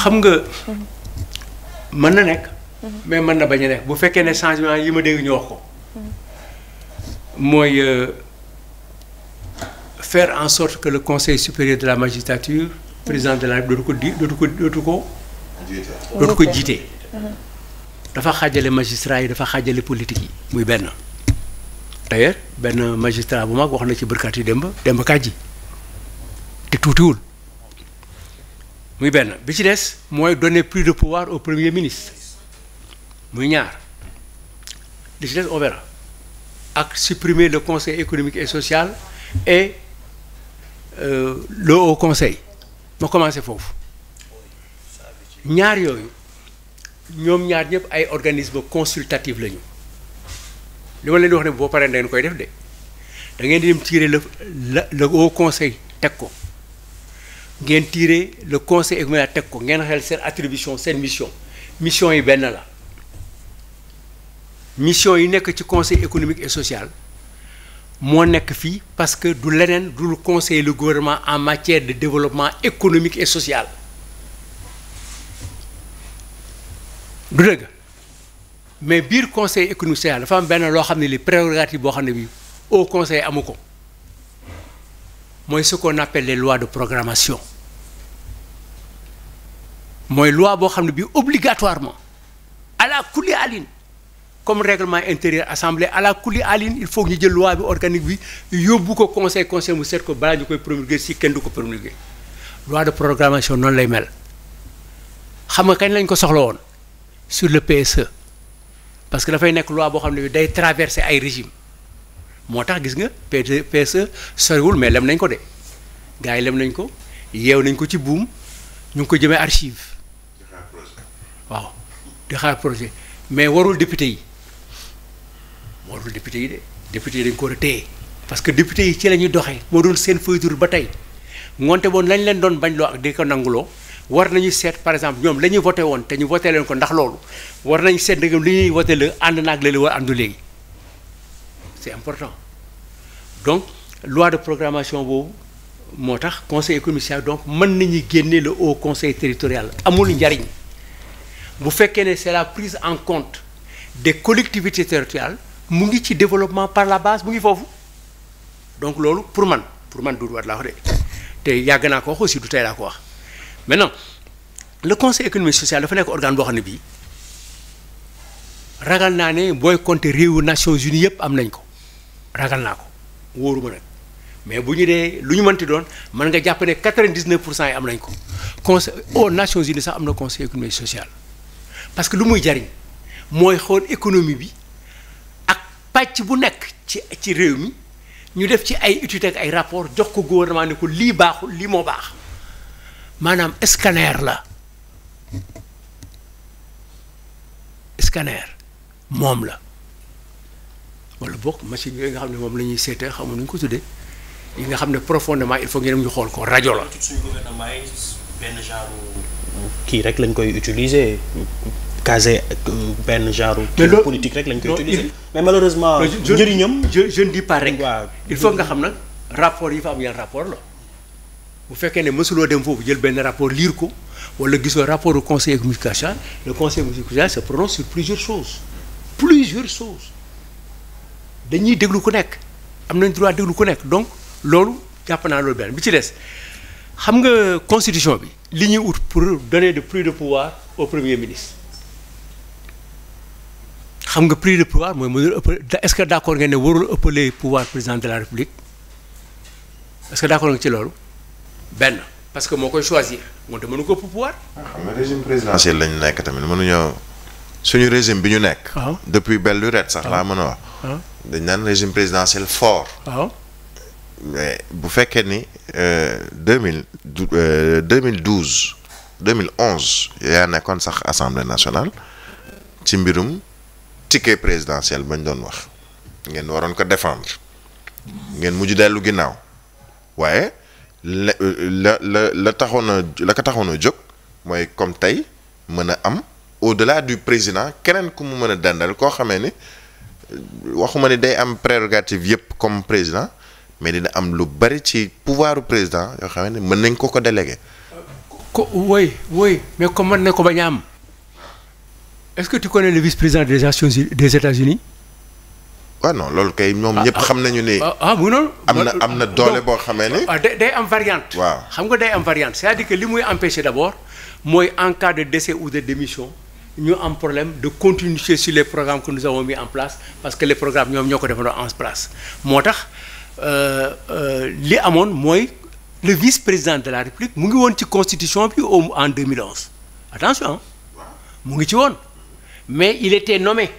xam nga mën na nekk. mais mën na bañ a nekk bu fekkee ne changement yi ma dégg ñu wax ko. mooy euh, faire en sorte que le conseil supérieur de la magistrature. président de la République dootu ko dootu ko dootu ko. dootu jiite. dafa xaajale magistrat yi dafa xaajale politique yi muy benn. d'ailleurs benn magistrat bu mag wax na ci bërkaat yi démb démb kàjji te tuutiwul. muy benn bi ci des mooy donner plus de pouvoir au premier ministre muy ñaar li ci ak supprimer le conseil économique et social et euh, le haut conseil ma commencé foofu ñaar yooyu ñoom ñaar ñëpp ay organisme consultatif la ñu li ma leen di wax ne boo paree da ngeen koy def de da ngeen di le le haut conseil teg ko ngeen tiire le conseil économique teg ko ngeen xel seen attribution seen mission mission yi benn la mission yi nekk ci conseil économique et social moo nekk fii parce que du leneen du lu conseil le gouvernement en matière de développement économique et social du dëgg mais biir conseil économique social dafa am benn loo xam ne li prérogative boo xam ne bi au conseil amu ko mooy ce qu'on appelle les lois de programmation mooy loi boo xam ne bi obligatoirement à la kulli alin comme réglement intérieur assemblée à la kulli alin il faut ñu jël loi bi organique bi yóbbu ko conseil conseil mu seet ko balaa ñu koy promulguer si kenn du ko promulguer loi de programmation noonu lay mel xam nga kañ lañ ko soxla woon sur le PSE parce que dafay nekk loi boo xam ne bi day traverser ay régime moo tax gis nga PSE soriwul mais lem nañ ko de gars yi lem nañ ko yeew nañ ko ci buum ñu ngi ko jëmee archive waaw di xaar projet mais warul député yi warul député yi de député yi dañ ko war a téye parce que député yi ci la ñuy doxee moo doon seen feuille ba tey ngoonte boon lañ leen doon bañ loo ak di ko nanguloo war nañu seet par exemple ñoom la ñuy voté woon te ñu voté leen ko ndax loolu war nañu seet ndegam li ñuy voté la ànd naag la li àndu léegi c'est important donc loi de programmation boobu moo tax conseil économique social donc mën nañu génne la haut conseil territorial amul njariñ bu fekkee ne c'est la prise en compte de collectivités territoriales mu ngi ci développement par la base mu ngi foofu donc loolu pour man pour man Doudou Wade laa wax de te yàgg naa ko wax aussi du tey laa ko wax maintenant le conseil économique social dafa nekk organe boo xam ne bii ragal naa ne booy compter réewu Nations Unies yëpp am nañ ko. ragal naa ko wóoru wóoruma nag mais bu ñu dee lu ñu mënti doon mën nga jàpp ne quatre-vingt-dix-neuf pour cent yi am nañ ko conseil aux Nations Unies sax am na conseil économique social parce que lu muy jariñ mooy xool économie bi ak pàcc bu nekk ci ci réew mi ñu def ci ay études ak ay rapport jox ko gouvernement ne ko lii baaxul lii moo baax maanaam scanner la scanner moom la wala bokk machine yooyu nga xam ne moom la ñuy seetee xamul nu ñu ko tuddee yi nga xam ne profondément il faut ngeen ñu xool ko rajo la. suñu gouvernement kii rek lañ koy utiliser casé benn genre. kii politique rek lañ koy mais malheureusement. njëriñam je je ne dis pas rek. il faut nga xam nag rapport yi am yan rapport bu fekkee ne mësuloo dem foofu jël benn rapport liir ko wala gisoo rapport au conseil économique social le conseil économique social se prononce sur plusieurs choses. dañuy déglu ku nekk am nañ droit déglu ku nekk donc loolu jàpp naa loolu benn bi ci des xam nga constitution bi li ñuy ut pour donner de pris de pouvoir au premier ministre xam nga plus de pouvoir mooy mënul ëpp est-ce que d'accord ngeen ne warul ëppale pouvoir président de la république est-ce que d'accord nga ci loolu benn parce que moo koy choisir moom te mënu ko ëpp pouvoir. Ah, xam nga régime présidentiel lañu nekk tamit mënuñoo suñu régime bi ñu nekk. Ah. depuis belle lurette sax ah. laa mën a wax. dañ naan régime présidentiel fort. waaw bu fekkee ni euh, deux mille euh, deux mille douze deux mille onze nekkoon sax assemblée nationale ci mbirum ticket présidentiel bañ doon wax ngeen waroon ko défendre ngeen mujj dellu ginnaaw waaye la la la la taxoon la ko taxoon a jóg mooy comme tey mën a am au-delà du président keneen ku mu mën a dandal koo xamee ni. waxuma ne day am prérogative yëpp comme président mais dina am lu bari ci pouvoir président yoo xam ne mën nañ ko ko délégué. ko oui oui mais comme mën na ko bañ a am est-ce que tu connais le vice-président des nations des États-Unis waaw non loolu kay ñoom ah, ñëpp ah, xam nañu ni ah bu ah, noonu. am na am na doole boo xamee ne. day day am variante. waa xam nga day am variante c'est-à-dire que li muy empêcher d'abord mooy en cas de décès ou de démission. ñu am problème de continuité sur les programmes que nous avons mis en place parce que les programmes ñoom ñoo ko defandoo en place moo tax euh, euh, li amoon mooy le vice-président de la République mu ngi woon ci constitution bi au en 2011 attention mu ngi ci woon mais il était nommé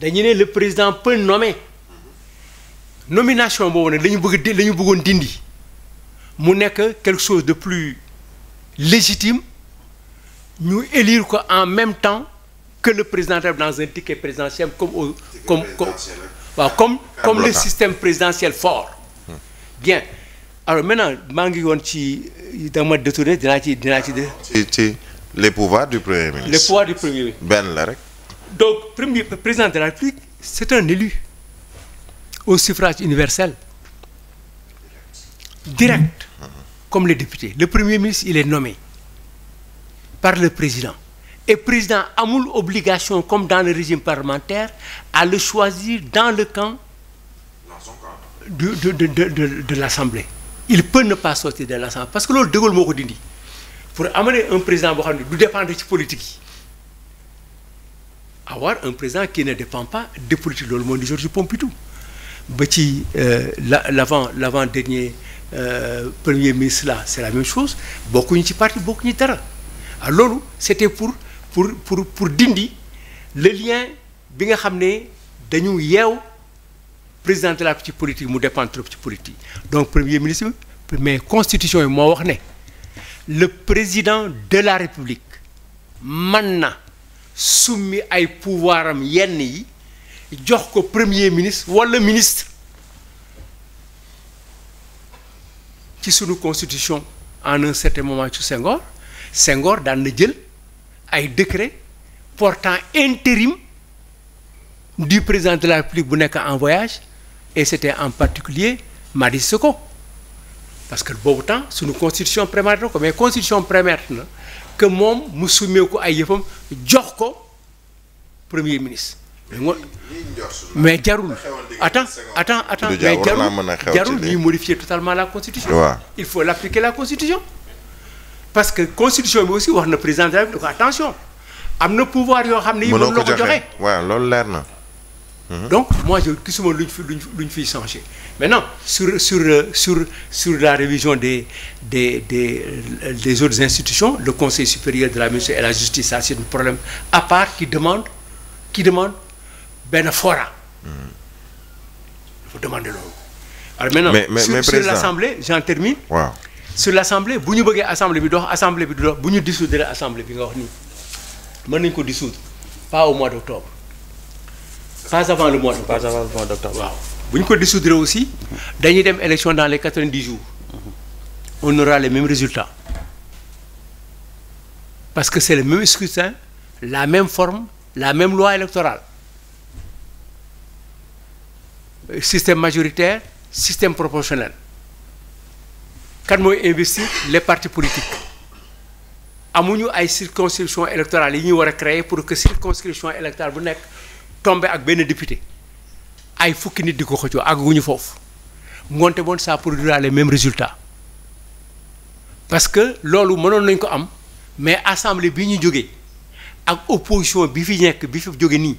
dañu ne le président peut nommer nomination boobu nag la ñu bëgg la ñu bëggoon dindi mu nekk quelque chose de plus légitime ñu élire ko en même temps que le président dans un ticket présidentiel comme au, comme comme waaw comme comme le système présidentiel fort hmm. bien alors maintenant maa ngi woon ci dama détourné dinaa ci dinaa ci. ci les pouvoirs du premier ministre. les pouvoirs du benn la rek. donc premier président de la République c'est un élu au suffrage universel direct. Mmh. comme les députés le premier ministre il est nommé. par le président et président amul obligation comme dans le régime parlementaire à le choisir dans le camp de de de de de, de l'Assemblée il peut ne pas sortir de l'Assemblée parce que loolu De Gaulle moo dindi pour amener un président boo xam ne du dépendre ci politique yi avoir un président qui ne dépend pas de politique loolu mooy di Georges Pompidou ba ci euh, la l'avant l'avant dernier euh, premier ministre là c'est la même chose bokkuñu ci parti bokkuñu dara waaw ah, loolu c'était pour pour pour pour dindi le lien bi nga xam ne dañu yeew président de la ci politique mu dépendre trop ci politique donc premier ministre mais constitution yi moo wax ne le président de la république man na summi ay pouvoiram yenn yi jox ko premier ministre walla ministre ci sunu constitution en un certain moment ci Senghor Senghor daan na jël ay décret portant intérim du président de la République bu nekk en voyage et c'était en particulier Madi Soko parce que boobu temps suñu constitution prémètre ko mais constitution prémètre na que moom mu summee ko ay yëfam jox ko premier ministre mais jarul attends attends attends mais jarul jarul modifier totalement la constitution il faut l'appliquer la constitution parce que constitution bi aussi wax na président en la attention am na pouvoir yoo am ne. yi mënoo ko joxe loolu leer na. Mhm. donc moi je gisuma luñ lu luñ fii fiy changé maintenant sur sur sur sur la révision des des des des autres institutions le conseil supérieur de la magistrature et la justice ça c'est un problème à part qui demande qui demande benn fora. dafa mhm. demander loolu. alors maintenant mais, mais, sur, l'assemblée j'en termine. sur l' assemblée bu ñu bëggee assemblée bi dox assemblée bi du dox bu ñu dissoudre assemblée bi nga wax nii mën nañ ko dissoudre pas au mois d' octobre pas avant le mois d' d' octobre waaw. bu ñu ko dissoudre aussi dañuy dem élection dans les quatre vingt dix jours mm-hmm. on aura les mêmes parce que c' est le même scrutin la même forme la même loi électorale euh, système majoritaire système proportionnel. kan mooy investir les parti politiques amuñu ay circonscription électorale yi ñuy war a créer pour que circonscription électorale bu nekk tombe ak benn député ay fukki nit di ko xëccoo àgguñu foofu ngoonte boon ça produira les même résultat parce que loolu mënoon nañ ko am mais assemblée bi ñu jógee ak opposition bi fi nekk bi fi jóge nii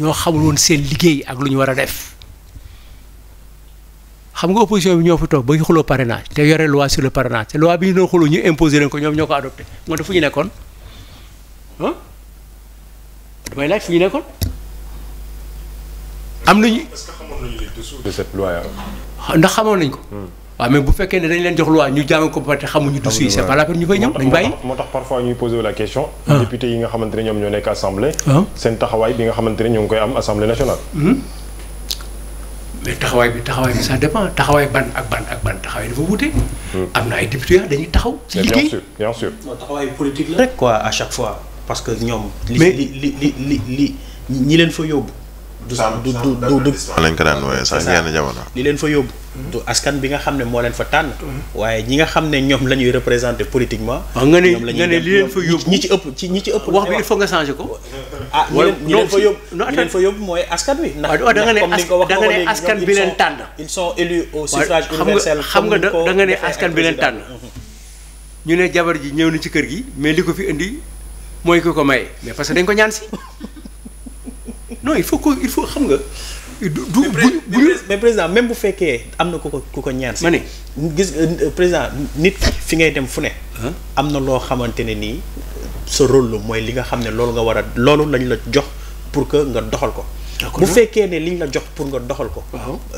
ñoo xamul woon seen liggéey ak lu ñu war a def xam nga opposition bi ñoo fi toog ba ñu xuloo parrainage te yore loi sur le parrainage te loi bi ñu doon xuloo ñu imposé leen ko ñoom ñoo ko adopté fu ñu nekkoon ah damay laaj fu ndax xamoon nañ ko. Hmm. waaw mais bu fekkee ne dañ leen jox loi ñu jàng ko ba te xamuñu dessous yi c'est la peine ñu fay ñëw dañ bàyyi moo tax parfois ñuy poser la question hmm. député yi nga xamante ne ñoom ñoo nekk assemblée hmm. seen taxawaay bi nga xamante ne ñoo ngi koy am assemblée nationale mais taxawaay bi taxawaay bi ça dépend taxawaay ban ak ban ak ban taxawaay dafa wuute. Hmm. am na ay député dañuy taxaw. si liggéey bien sûr bien sûr. taxawaay politique la rek quoi à chaque fois parce que ñoom. mais li li li li li ñi leen fa yóbbu. du du du du lañ ko daan wooyee sax a jamono. li leen fa yóbbu. du askan bi nga xam ne moo leen fa tànn. waaye ñi nga xam ne ñoom la ñuy représenté politiquement. Ah, nga ne nga ne li leen fa yóbbu ñi ci ëpp ci ñi wax bi il faut nga changer ko. ah ñi fa yóbbu mooy askan wi. Ah, ndax comme ni nga ne askan bi leen tànn. ñu ne jabar ji ñëw na ci kër gi mais li ko fi indi mooy ki ko maye mais dañ ko ñaan si non il faut que il faut xam nga du du bu mais président même bu fekkee am na ku ko ku ko ñaan si. ma ne gis euh, euh, président nit fi ngay dem fu ne. am na loo xamante ne nii sa rôle la mooy li nga xam ne loolu nga war a loolu lañ la jox pour que nga doxal ko. bu fekkee ne liñ la jox pour nga doxal ko.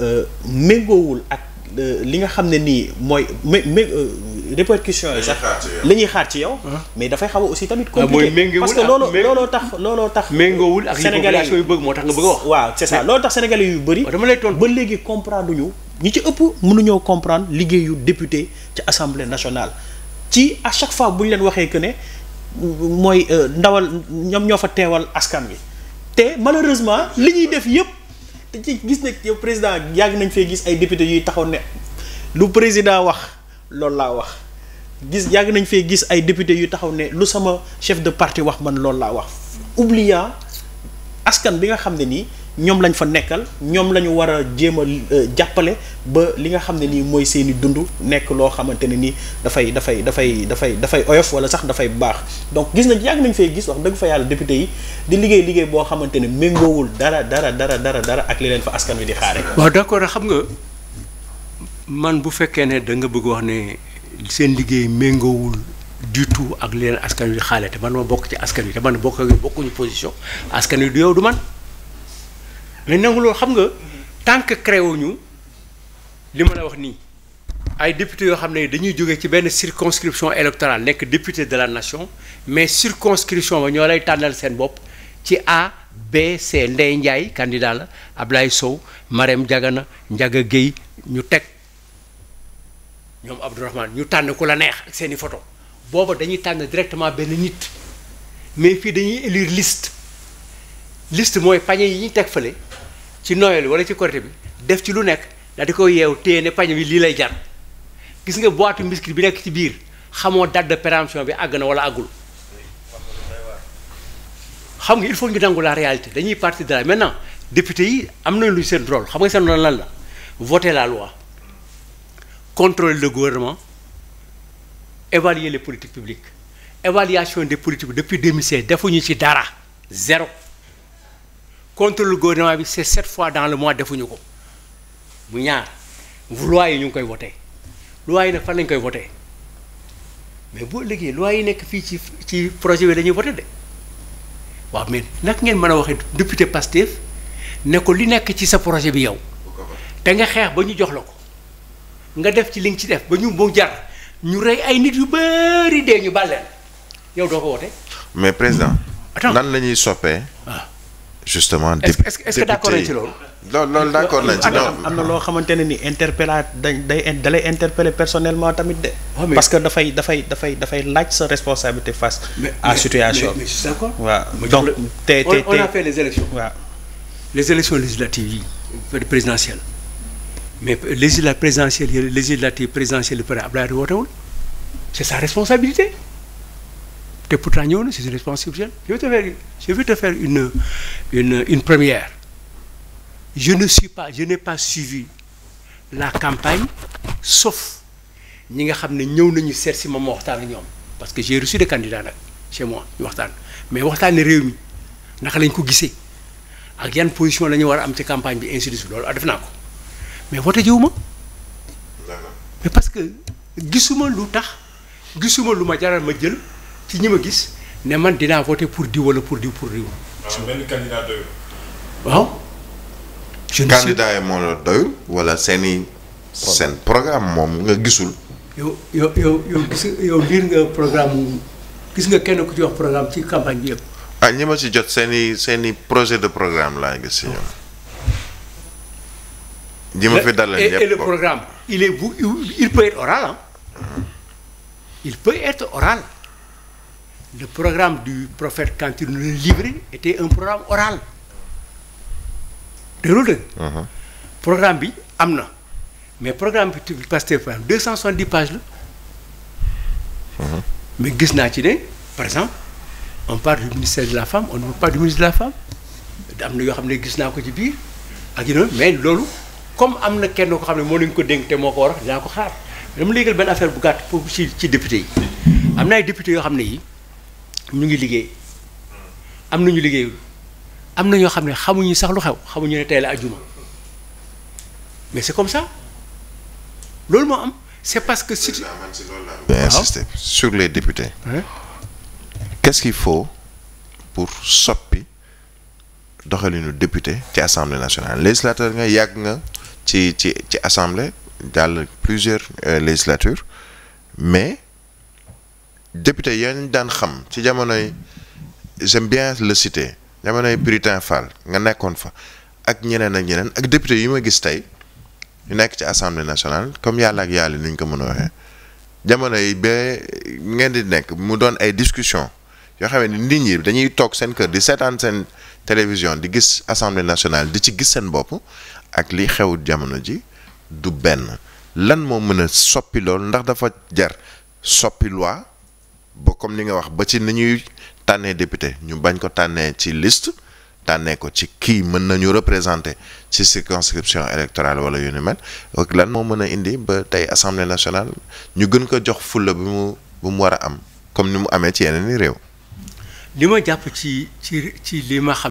Euh, méngoowul ak li nga xam ne nii mooy mé mé. répercussions yi sax li ñuy xaar ci yow ah. mais dafay xaw a aussi tamit ah, compliqué parce que loolu looloo tax looloo tax méngoowul ak sénégalais yu bëgg moo tax nga bëgg a wax waaw c'est ça loolu tax sénégalais yu bëri dama lay ba léegi comprendre ñu ñi ci ëpp mënuñoo comprendre liggéeyu député ci assemblée nationale ci à chaque fois bu ñu leen waxee que ne mooy euh, ndawal ñoom ñoo fa teewal askan wi te malheureusement li ñuy def yëpp te ci gis na yow président yàgg nañ fee gis ay député yuy taxaw ne lu président wax loolu laa wax gis yàgg nañ fee gis ay député yu taxaw ne lu sama chef de partie wax man loolu laa wax oubliant askan bi nga xam ne nii ñoom lañ fa nekkal ñoom la ñu war a jéem a euh, jàppale ba li nga xam ne nii mooy seeni dund nekk loo xamante ne nii dafay dafay dafay dafay dafay oyof wala sax dafay baax donc gis nañ yàgg nañ fay gis wax dëgg fa yàlla député yi di liggéey liggéey boo xamante ne méngoowul dara dara dara dara dara ak li leen fa askan wi di xaare man bu fekkee ne da nga bëgg wax ne seen liggéey méngoowul du tout ak leen askan wi xaale te man ma bokk ci askan wi te man bokk bokkuñu position askan wi du yow du man mais nangu loolu xam nga tant que créé wuñu li mën a wax nii ay député yoo xam ne dañuy jóge ci benn circonscription électorale nekk député de la nation mais circonscription ba ñoo lay tànnal seen bopp ci A B C Ndeye Ndiaye candidat la Ablaye Sow Marème na Ndiaga géey ñu teg. ñoom Abdourahmane ñu tànn ko la neex ak seeni photo booba dañuy tànn directement benn nit mais fii dañuy élire liste liste mooy pañe yi ñuy teg fële ci yi wala ci Korité bi def ci lu nekk daal di koy yeew téye ne pañe bi lii lay jar gis nga boîte biscuit bi nekk ci biir xamoo date de péremption bi àgg na wala àggul xam nga il faut ñu nangu la réalité dañuy parti de là maintenant député yi am na lu seen rôle xam nga seen rôle lan la voter la loi contrôler le gouvernement évaluer les politiques publiques évaluation des politiques depuis 2016 defuñu ci dara zéro contrôle le gouvernement bi c'est sept fois dans le mois defuñu ko mu ñaar loi yi ñu ngi koy voté loi yi nag fan lañ koy voté mais boo liggéey loi yi nekk fii ci ci projet bi la ñuy de waaw mais nag ngeen mën a waxee député Pastef ne ko li nekk ci sa projet bi yow te nga xeex ba ñu jox la ko nga def ci li nga ci def ba ñu mu jar ñu rey ay nit yu bëri dee ñu bàlleen yow doo ko woote. mais président. nan la ñuy soppee. Ah. justement député est-ce que d'accord nañ ci loolu. loolu loolu d'accord nañ ci loolu. am na loo xamante ne ni interpellé dañ day dalay interpeller personnellement tamit de. Ah, parce que dafay dafay dafay dafay laaj sa responsabilité face. à situation mais d'accord waaw donc. tey tey tey on a fait les élections. waaw les élections législatives mais législative présidentielle législative présidentielle pare Abdoulaye wootewul c'est sa responsabilité te pourtant ñëw na c'est une responsabilité je vais te faire je vais te faire une une une première je ne suis pas je n'ai pas suivi la campagne sauf ñi nga xam ne ñëw nañu seet si ma ma waxtaan ak ñoom parce que j'ai reçu des candidats nag chez moi waxtaan mais waxtaanee réew mi naka lañ ko gisee ak yan position lañu war a am ci campagne bi ainsi loolu suite def naa ko. mais wote jiwu ma mais parce que gisuma lu tax gisuma lu ma jaral ma jël ci ñi ma gis ne man dinaa voter pour diw wala pour diw pour diw. waaw ah, benn candidat je ne sais moo la doyul wala seeni i. seen programme moom nga gisul. yow yow yow yow gis yow liir nga programme gis nga kenn ku ci wax programme ci campagne bi yëpp. ah ñi ma si jot seen i seen projet de programme laa gis si ñoom. ji ma fi dalal yëpp le programme il est bu il peut être oral il peut être oral le programme du prophète quand il le livrait était un programme oral déglu dëgg. Uh-huh. programme bi am na mais programme bi Pastef par exemple deux cent soixante-dix pages la. Uh-huh. mais gis naa ci ne par exemple on par du ministère de la femme on ne parle pas du ministre de la femme am na yoo xam ne gis naa ko ci biir ak yu mais loolu. comme am na kenn ko xam ne moo leen ko dénk te moo ko war dinaa ko xaar dama léegal benn affaire bu gàtt pour ci ci député yi am na député yoo xam ne yi ñu ngi liggéey am na ñu liggéeyul am na ñoo xam ne xamuñu sax lu xew xamuñu ne tey la ajuma mais c'est comme ça loolu moo am c'est parce que. si ah. insister sur les députés. qu'est-ce qu'il faut pour soppi doxalinu député ci assemblée nationale législateur nga yàgg nga. ci ci ci assemblée jàll plusieurs euh, législatures mais député yañ daan xam ci jamonoy j'aime bien le citer jamonoy Puritain Fall nga nekkoon fa ak ñeneen ak ñeneen ak député yi ma gis tey ñu nekk ci assemblée nationale comme yàlla ak yàlla ni ñu ko mën a waxee jamono yi ba ngeen di nekk mu doon ay discussion yoo xam ni nit ñi dañuy toog seen kër di seetaan seen télévision di gis assemblée nationale di ci gis seen bopp ak li xew jamono ji du benn lan moo mën a soppi loolu ndax dafa jar soppi loi ba comme ni nga wax ba ci ni ñuy tànnee député ñu bañ ko tànnee ci list tànnee ko ci kii mën nañu représenter ci circonscription électorale wala yu ni mel ak lan moo mën a indi ba tey assemblée nationale ñu gën ko jox fulla bi mu bu mu war a am comme ni mu amee ci yeneen i réew. li ma jàpp ci ci li ma xam.